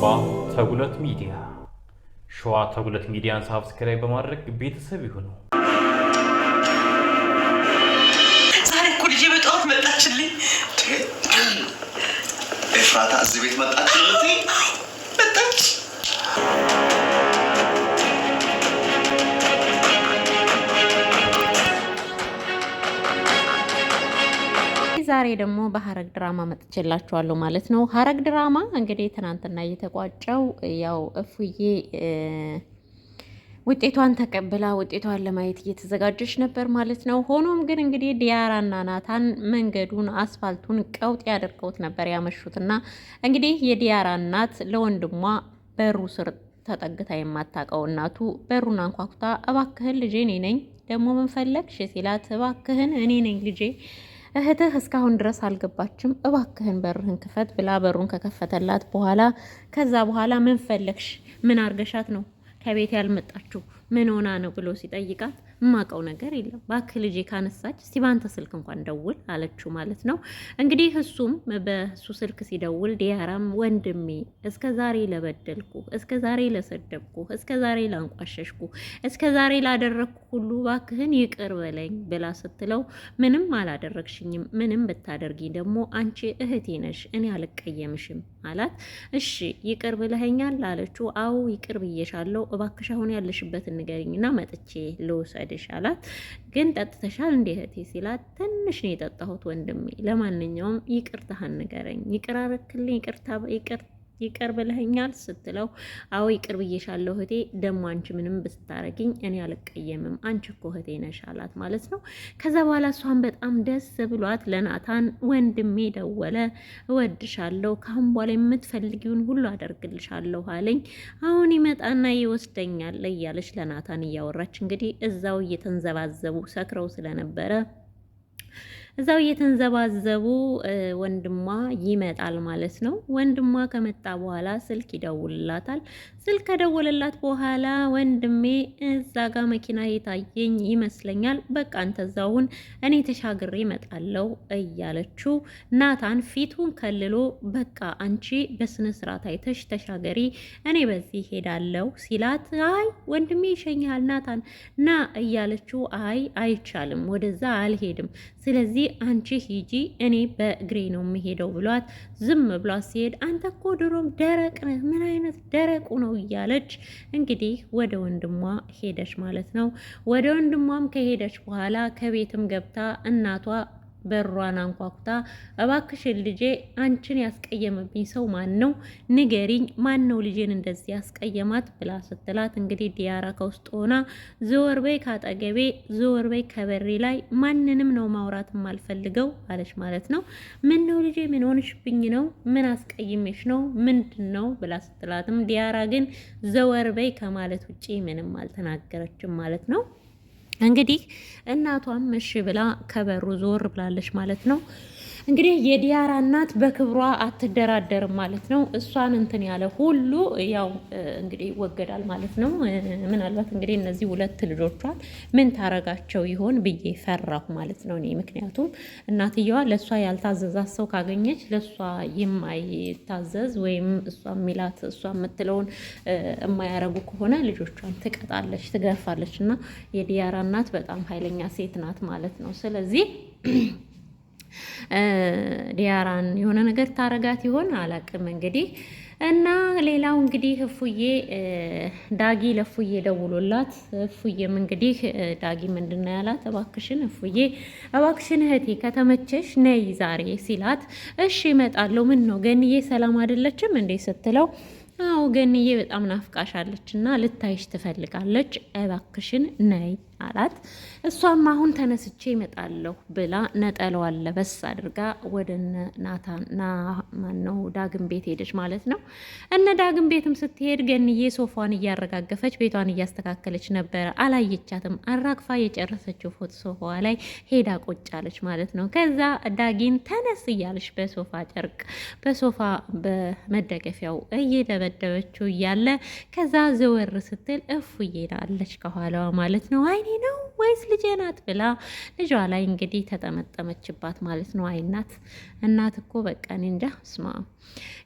አባ ተጉለት ሚዲያ ሸዋ ተጉለት ሚዲያን ሳብስክራይብ በማድረግ ቤተሰብ ይሁኑ። ዛሬ እኮ ልጄ በጠዋት መጣችልኝ። ኤፍራታ እዚህ ቤት መጣችልኝ መጣች ዛሬ ደግሞ በሀረግ ድራማ መጥቼላችኋለሁ ማለት ነው። ሀረግ ድራማ እንግዲህ ትናንትና እየተቋጨው ያው እፉዬ ውጤቷን ተቀብላ ውጤቷን ለማየት እየተዘጋጀች ነበር ማለት ነው። ሆኖም ግን እንግዲህ ዲያራና ናታን መንገዱን አስፋልቱን ቀውጥ ያደርገውት ነበር ያመሹትና እንግዲህ የዲያራ እናት ለወንድሟ በሩ ስር ተጠግታ የማታውቀው እናቱ በሩን አንኳኩታ እባክህን ልጄ እኔ ነኝ ደግሞ ምን ፈለግሽ ሲላት እባክህን እኔ ነኝ ልጄ እህትህ እስካሁን ድረስ አልገባችም፣ እባክህን በርህን ክፈት ብላ በሩን ከከፈተላት በኋላ ከዛ በኋላ ምን ፈለግሽ? ምን አርገሻት ነው ከቤት ያልመጣችሁ? ምን ሆና ነው ብሎ ሲጠይቃት የማውቀው ነገር የለም ባክ ልጄ ካነሳች እስቲ ስልክ እንኳን ደውል አለችው ማለት ነው። እንግዲህ እሱም በሱ ስልክ ሲደውል ዲያራም ወንድሜ እስከ ዛሬ ለበደልኩ፣ እስከ ዛሬ ለሰደብኩ፣ እስከ ዛሬ ላንቋሸሽኩ፣ እስከ ዛሬ ላደረግኩ ሁሉ ባክህን ይቅር በለኝ ብላ ስትለው ምንም አላደረግሽኝም፣ ምንም ብታደርጊ ደግሞ አንቺ እህቴ ነሽ፣ እኔ አልቀየምሽም አላት። እሺ ይቅር ብለኸኛል አለችው። አዎ ይቅር ብዬሻለሁ፣ እባክሽ አሁን ያለሽበትን ንገሪኝና መጥቼ ልውሰድሽ አላት። ግን ጠጥተሻል እንዴ እህቴ ሲላት፣ ትንሽ ነው የጠጣሁት ወንድሜ፣ ለማንኛውም ይቅርታህን ንገረኝ፣ ይቅር አረክልኝ፣ ይቅርታ ይቅር ብለኸኛል ስትለው አዎ ይቅር ብዬሻለሁ እህቴ፣ ደሞ አንቺ ምንም ብታረግኝ እኔ አልቀየምም፣ አንቺ እኮ እህቴ ነሽ አላት ማለት ነው። ከዛ በኋላ እሷን በጣም ደስ ብሏት ለናታን ወንድሜ ደወለ፣ እወድሻለሁ፣ ካሁን በኋላ የምትፈልጊውን ሁሉ አደርግልሻለሁ አለኝ፣ አሁን ይመጣና ይወስደኛል እያለች ለናታን እያወራች እንግዲህ እዛው እየተንዘባዘቡ ሰክረው ስለነበረ እዛው እየተንዘባዘቡ ወንድሟ ይመጣል ማለት ነው። ወንድሟ ከመጣ በኋላ ስልክ ይደውልላታል። ስልክ ከደወለላት በኋላ ወንድሜ እዛ ጋ መኪና የታየኝ ይመስለኛል፣ በቃ አንተ እዛውን እኔ ተሻግሬ እመጣለሁ እያለችው ናታን ፊቱን ከልሎ በቃ አንቺ በስነ ስርዓት አይተሽ ተሻገሪ፣ እኔ በዚህ ሄዳለሁ ሲላት አይ ወንድሜ ይሸኛል ናታን ና እያለችው አይ አይቻልም፣ ወደዛ አልሄድም ስለዚህ ስለዚህ አንቺ ሂጂ እኔ በእግሬ ነው የምሄደው ብሏት ዝም ብሏት ሲሄድ አንተ እኮ ድሮም ደረቅ ነህ፣ ምን አይነት ደረቁ ነው እያለች እንግዲህ ወደ ወንድሟ ሄደች ማለት ነው። ወደ ወንድሟም ከሄደች በኋላ ከቤትም ገብታ እናቷ በሯን አንኳኩታ እባክሽን ልጄ አንቺን ያስቀየመብኝ ሰው ማን ነው? ንገሪኝ፣ ማን ነው ልጄን እንደዚህ ያስቀየማት? ብላ ስትላት እንግዲህ ዲያራ ከውስጥ ሆና ዘወር በይ ካጠገቤ፣ ዘወር በይ ከበሬ ላይ፣ ማንንም ነው ማውራት የማልፈልገው አለች ማለት ነው። ምን ነው ልጄ፣ ምን ሆንሽብኝ ነው? ምን አስቀይሜሽ ነው? ምንድን ነው ብላ ስትላትም ዲያራ ግን ዘወር በይ ከማለት ውጪ ምንም አልተናገረችም ማለት ነው። እንግዲህ እናቷም እሺ ብላ ከበሩ ዞር ብላለች ማለት ነው። እንግዲህ የዲያራ እናት በክብሯ አትደራደርም ማለት ነው። እሷን እንትን ያለ ሁሉ ያው እንግዲህ ይወገዳል ማለት ነው። ምናልባት እንግዲህ እነዚህ ሁለት ልጆቿን ምን ታረጋቸው ይሆን ብዬ ፈራሁ ማለት ነው እኔ። ምክንያቱም እናትየዋ ለእሷ ያልታዘዛት ሰው ካገኘች ለእሷ የማይታዘዝ ወይም እሷ የሚላት እሷ የምትለውን የማያረጉ ከሆነ ልጆቿን ትቀጣለች፣ ትገርፋለች እና የዲያራ እናት በጣም ኃይለኛ ሴት ናት ማለት ነው። ስለዚህ ዲያራን የሆነ ነገር ታረጋት ይሆን አላቅም። እንግዲህ እና ሌላው እንግዲህ እፉዬ ዳጊ ለእፉዬ ደውሎላት እፉዬም እንግዲህ ዳጊ ምንድን ነው ያላት? እባክሽን እፉዬ እባክሽን እህቴ ከተመቸሽ ነይ ዛሬ ሲላት፣ እሺ እመጣለሁ። ምን ነው ገንዬ ሰላም አይደለችም እንዴ ስትለው አዎ ገንዬ በጣም ናፍቃሻለች እና ልታይሽ ትፈልጋለች፣ እባክሽን ነይ አላት። እሷም አሁን ተነስቼ ይመጣለሁ ብላ ነጠላዋን ለበስ አድርጋ ወደ እነ ና ማነው ዳግም ቤት ሄደች ማለት ነው። እነ ዳግም ቤትም ስትሄድ ገንዬ ሶፋን እያረጋገፈች ቤቷን እያስተካከለች ነበረ። አላየቻትም። አራግፋ የጨረሰችው ፎቶ ሶፋ ላይ ሄዳ ቆጫለች ማለት ነው። ከዛ ዳጊን ተነስ እያለች በሶፋ ጨርቅ በሶፋ በመደገፊያው እየደበደበችው እያለ ከዛ ዘወር ስትል እፉ እየሄዳለች ከኋላዋ ማለት ነው። አይኔ ነው ወይስ ልጄ ናት ብላ ልጇ ላይ እንግዲህ ተጠመጠመችባት ማለት ነው። አይናት እናት እኮ በቃ እኔ እንጃ ስማ።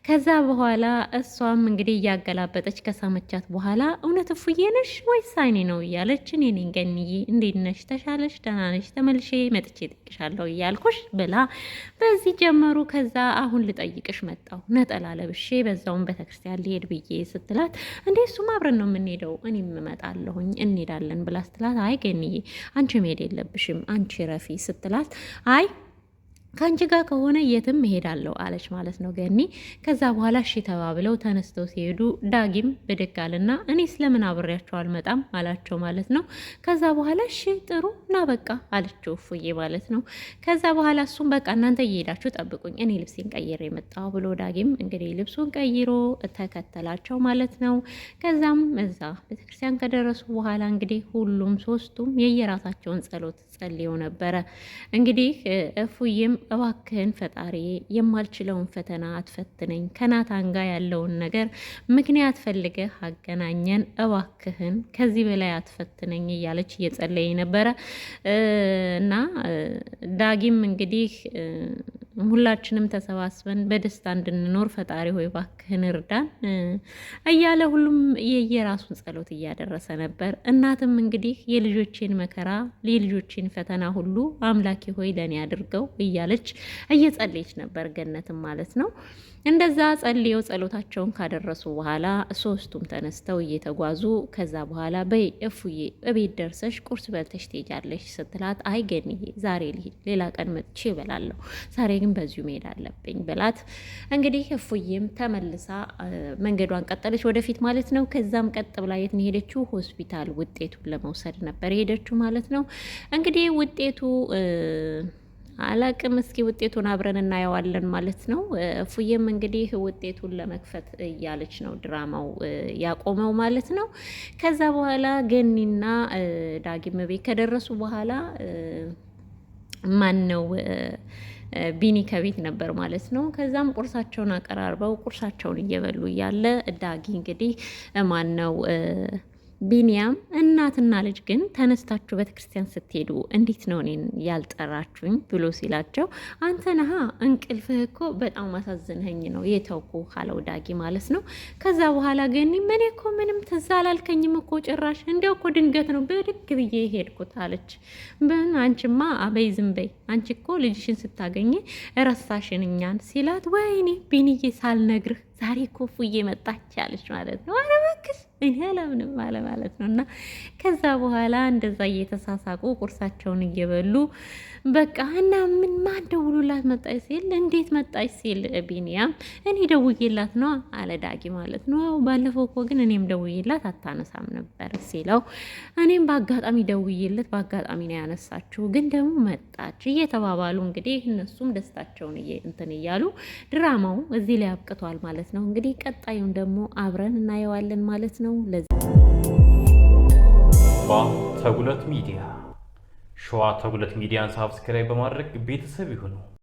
ከዛ በኋላ እሷም እንግዲህ እያገላበጠች ከሳመቻት በኋላ እውነት እፉዬ ነሽ ወይስ አይኔ ነው እያለች እኔ ነኝ ገንዬ፣ እንዴት ነሽ? ተሻለሽ? ደህና ነሽ? ተመልሼ መጥቼ እጠይቅሻለሁ እያልኩሽ ብላ በዚህ ጀመሩ። ከዛ አሁን ልጠይቅሽ መጣሁ ነጠላ ለብሼ በዛውም ቤተክርስቲያን ልሄድ ብዬ ስትላት እንዴ እሱም አብረን ነው የምንሄደው እኔም እመጣለሁኝ እንሄዳለን ብላ ስትላት አይ አይ ገኒዬ አንቺ መሄድ የለብሽም አንቺ ረፊ ስትላት አይ ከአንቺ ጋር ከሆነ የትም እሄዳለሁ አለች ማለት ነው ገኒ። ከዛ በኋላ እሺ ተባብለው ተነስተው ሲሄዱ ዳጊም ብድግ አለና እኔ ስለምን አብሬያቸው አልመጣም አላቸው ማለት ነው። ከዛ በኋላ እሺ ጥሩ እና በቃ አለችው እፉዬ ማለት ነው። ከዛ በኋላ እሱም በቃ እናንተ እየሄዳችሁ ጠብቁኝ፣ እኔ ልብሴን ቀይሬ መጣሁ ብሎ ዳጊም እንግዲህ ልብሱን ቀይሮ ተከተላቸው ማለት ነው። ከዛም እዛ ቤተክርስቲያን ከደረሱ በኋላ እንግዲህ ሁሉም ሶስቱም የየራሳቸውን ጸሎት ጸልየው ነበረ እንግዲህ እፉዬም እባክህን ፈጣሪ የማልችለውን ፈተና አትፈትነኝ፣ ከናታን ጋር ያለውን ነገር ምክንያት ፈልገህ አገናኘን፣ እባክህን ከዚህ በላይ አትፈትነኝ እያለች እየጸለየ ነበረ እና ዳጊም እንግዲህ ሁላችንም ተሰባስበን በደስታ እንድንኖር ፈጣሪ ሆይ ባክህን እርዳን እያለ ሁሉም የየራሱን ጸሎት እያደረሰ ነበር። እናትም እንግዲህ የልጆቼን መከራ የልጆቼን ፈተና ሁሉ አምላኬ ሆይ ለእኔ አድርገው እያለች እየጸለየች ነበር፣ ገነትም ማለት ነው። እንደዛ ጸልየው ጸሎታቸውን ካደረሱ በኋላ ሶስቱም ተነስተው እየተጓዙ ከዛ በኋላ በይ እፉዬ እቤት ደርሰሽ ቁርስ በልተሽ ትሄጃለሽ ስትላት አይ ገኒዬ ዛሬ ልሂድ፣ ሌላ ቀን መጥቼ እበላለሁ፣ ዛሬ ግን በዚሁ መሄድ አለብኝ ብላት እንግዲህ እፉዬም ተመልሳ መንገዷን ቀጠለች ወደፊት ማለት ነው። ከዛም ቀጥ ብላ የት ሄደችው? ሆስፒታል ውጤቱን ለመውሰድ ነበር የሄደችው ማለት ነው። እንግዲህ ውጤቱ አላቅም። እስኪ ውጤቱን አብረን እናየዋለን ማለት ነው። እፉዬም እንግዲህ ውጤቱን ለመክፈት እያለች ነው ድራማው ያቆመው ማለት ነው። ከዛ በኋላ ገኒና ዳጊም ቤት ከደረሱ በኋላ ማን ነው ቢኒ ከቤት ነበር ማለት ነው። ከዛም ቁርሳቸውን አቀራርበው ቁርሳቸውን እየበሉ እያለ ዳጊ እንግዲህ ማን ነው ቢኒያም እናትና ልጅ ግን ተነስታችሁ ቤተክርስቲያን ስትሄዱ እንዴት ነው እኔን ያልጠራችሁኝ? ብሎ ሲላቸው አንተ ነሀ እንቅልፍህ እኮ በጣም አሳዝንኸኝ ነው የተውኩ ካለው ዳጊ ማለት ነው። ከዛ በኋላ ግን እኔ እኮ ምንም ትዝ አላልከኝም እኮ ጭራሽ፣ እንዲያው እኮ ድንገት ነው ብድግ ብዬ ሄድኩት አለች። ብን አንቺማ አበይ ዝንበይ አንቺ እኮ ልጅሽን ስታገኝ ረሳሽን እኛን ሲላት፣ ወይኔ ቢንዬ ሳልነግርህ ዛሬ ፉዬ መጣች አለች ማለት ነው። እባክሽ እኔ አላምንም አለ ማለት ነው እና ከዛ በኋላ እንደዛ እየተሳሳቁ ቁርሳቸውን እየበሉ በቃ እና ምን ማን ደውሉላት መጣች ሲል እንዴት መጣች ሲል ቢኒያም እኔ ደውዬላት ነው አለ ዳጊ ማለት ነው። ባለፈው እኮ ግን እኔም ደውዬላት አታነሳም ነበር ሲለው እኔም በአጋጣሚ ደውዬለት በአጋጣሚ ነው ያነሳችው፣ ግን ደግሞ መጣች እየተባባሉ እንግዲህ እነሱም ደስታቸውን እንትን እያሉ ድራማው እዚህ ላይ አብቅቷል ማለት ነው። እንግዲህ ቀጣዩን ደግሞ አብረን እናየዋለን ማለት ነው ለዚህ ሸዋ ተጉለት ሚዲያ ሸዋ ተጉለት ሚዲያን ሳብስክራይብ በማድረግ ቤተሰብ ይሁኑ።